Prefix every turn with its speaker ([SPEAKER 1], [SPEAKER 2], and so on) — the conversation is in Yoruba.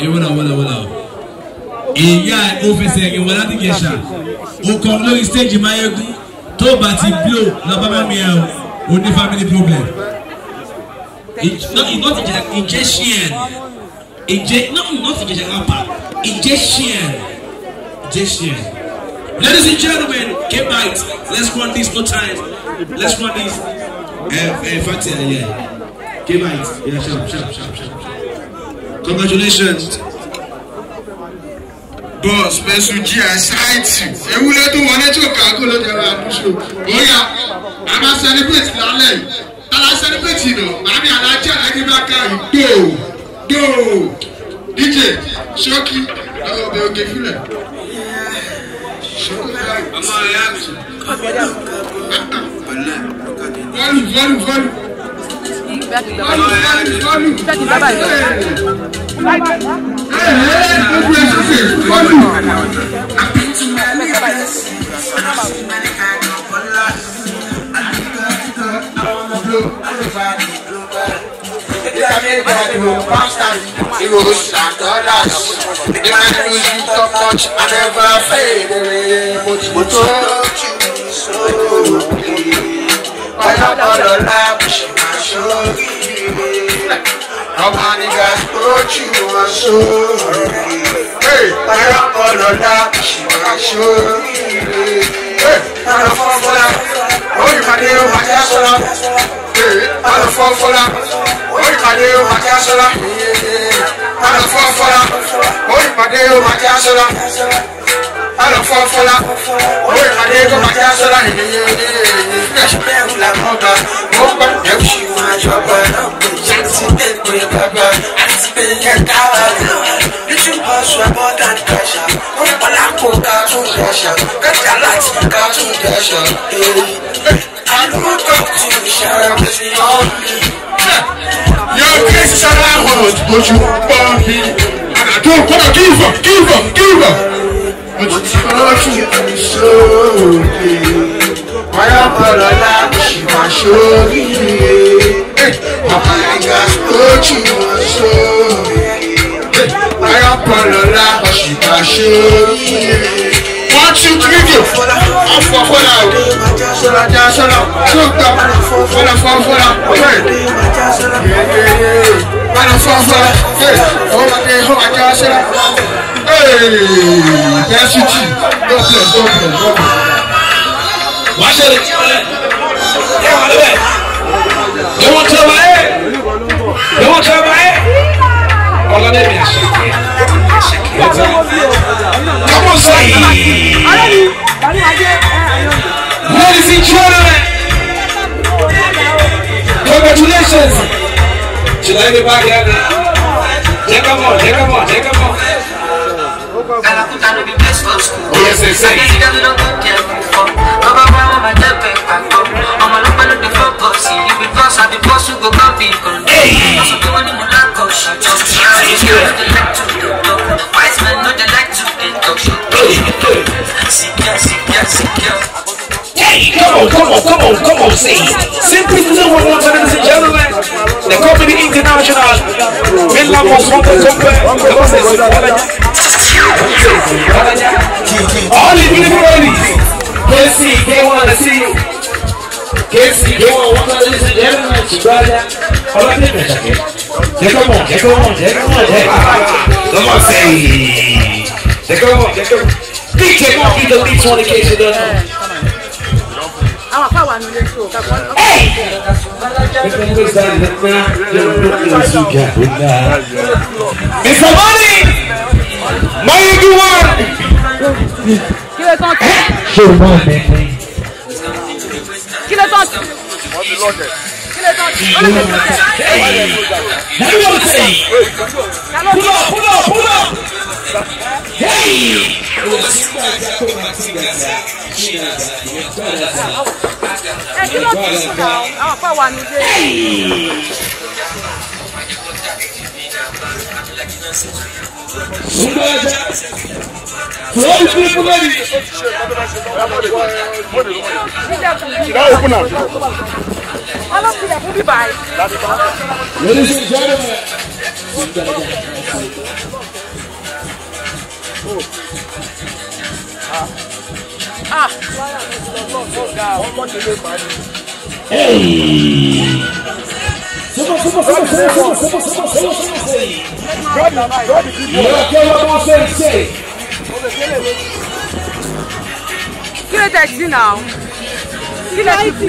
[SPEAKER 1] ewuna ewuna wuna wuna ìyá òfìsẹ ìwọlá ti gẹṣà òkọ lórí stéèjì mayegun tó bá ti blow lọ́ba bá mi ẹ̀ o ní family problem. ìgbọ́n ti jẹ ìjẹ́ ṣíẹ̀n ìjẹ́ náà ìgbọ́n ti jẹ rábà ìjẹ́ ṣíẹ̀n ìjẹ́ ṣíẹ̀n. ladies and gentlemen came out let's run this no time let's run this ẹ ẹ fati ẹ yẹ came out yeah sharp sharp sharp sharp. Congratulations. Boss, Pesu G, I cite you. Ewu ló tún wọlé tí o kà á kó ló dẹ̀rọ àbúṣe. Bóyá a máa celebrate lálẹ́ yìí. Tala celebrate yìí nà, màmí alájẹ́ Akínbáka yìí dò dò. DJ Ṣọ́kí lọ́wọ́ ọbẹ̀ oge fúlẹ̀. Ṣọ́kí láì. Ọmọ ìyá mi. Bọ́ọ̀lù Euros you I have all the love aṣọ para ọlọ́lá aṣọ para fọ́fọ́lá oyìnbàdé òhàdé aṣọlá para fọ́fọ́lá oyìnbàdé òhàdé aṣọlá para fọ́fọ́lá oyìnbàdé òhàdé aṣọlá alọ fọfọlá owó ìpàdé tó máa já sọlá nìyí ní fẹsẹ bẹ̀rù làwọn bá wọn bá bẹ̀rù sí wọn àjọpọ̀ náà pé jẹnsì pépè bàbá àti pé kẹta wà lọ nítorí wọn sọ ẹbọ dàn kàṣà wọn pàlà kó ká tún dàṣà kẹta láti ká tún dàṣà èyí alùpùpù tún ìṣàrà pèsè ọ̀hún. Your case is around, but you won't be. I don't want to give up, give up, give up. But you touch me and so Why am I alive? She was showing me Papa I got touch you and so Why am I alive? She was showing me One, two, three, four, four, four, Sola ja sola, sola, fola fola fola, hey, yeah yeah yeah, fola fola fola, hey, oh my day, oh my ja sola density god bless god bless god bless. wàá ṣe lè tiwọn lẹ ẹ wà lẹbẹ kí wọn tẹ ọba ẹ kí wọn tẹ ọba ẹ ọlọdẹ mi àṣẹ kẹ àṣẹ kẹ ọba kọmọ sọyìí ladies and gentlemen congratulations should i be back here now take am on take am on take am on. Ela com Hey, come on, come on, come on, come on, say Simply to the ladies and gentlemen. The company international. company. All these beautiful ladies, can't see, they wanna see you. Can't see, wanna walk out this and down. come on, come on, come on, come on. Come on, say. come on, they come on. DJ won't be the least one in case you don't know. Hey! Mr. Money! you want. Ṣé o máa bẹ̀ mí? Kí ló tán sí? Kí ló tán sí? Ó lè tẹ̀sí ọ̀tẹ̀. Nàbí wọ́n ṣe Pull up, Hey. up, pull up. Ẹ kí ló Hey. sùn náà? Àwọn àpá wa ní Hey. Close people, ladies. Ladies and gentlemen. Ah. Hey. Super, super, super, super, super, super, super, super ìyá kí ló bá fẹ́ ṣe. kí ló tẹ̀ sí náà kí ló tẹ̀ sí.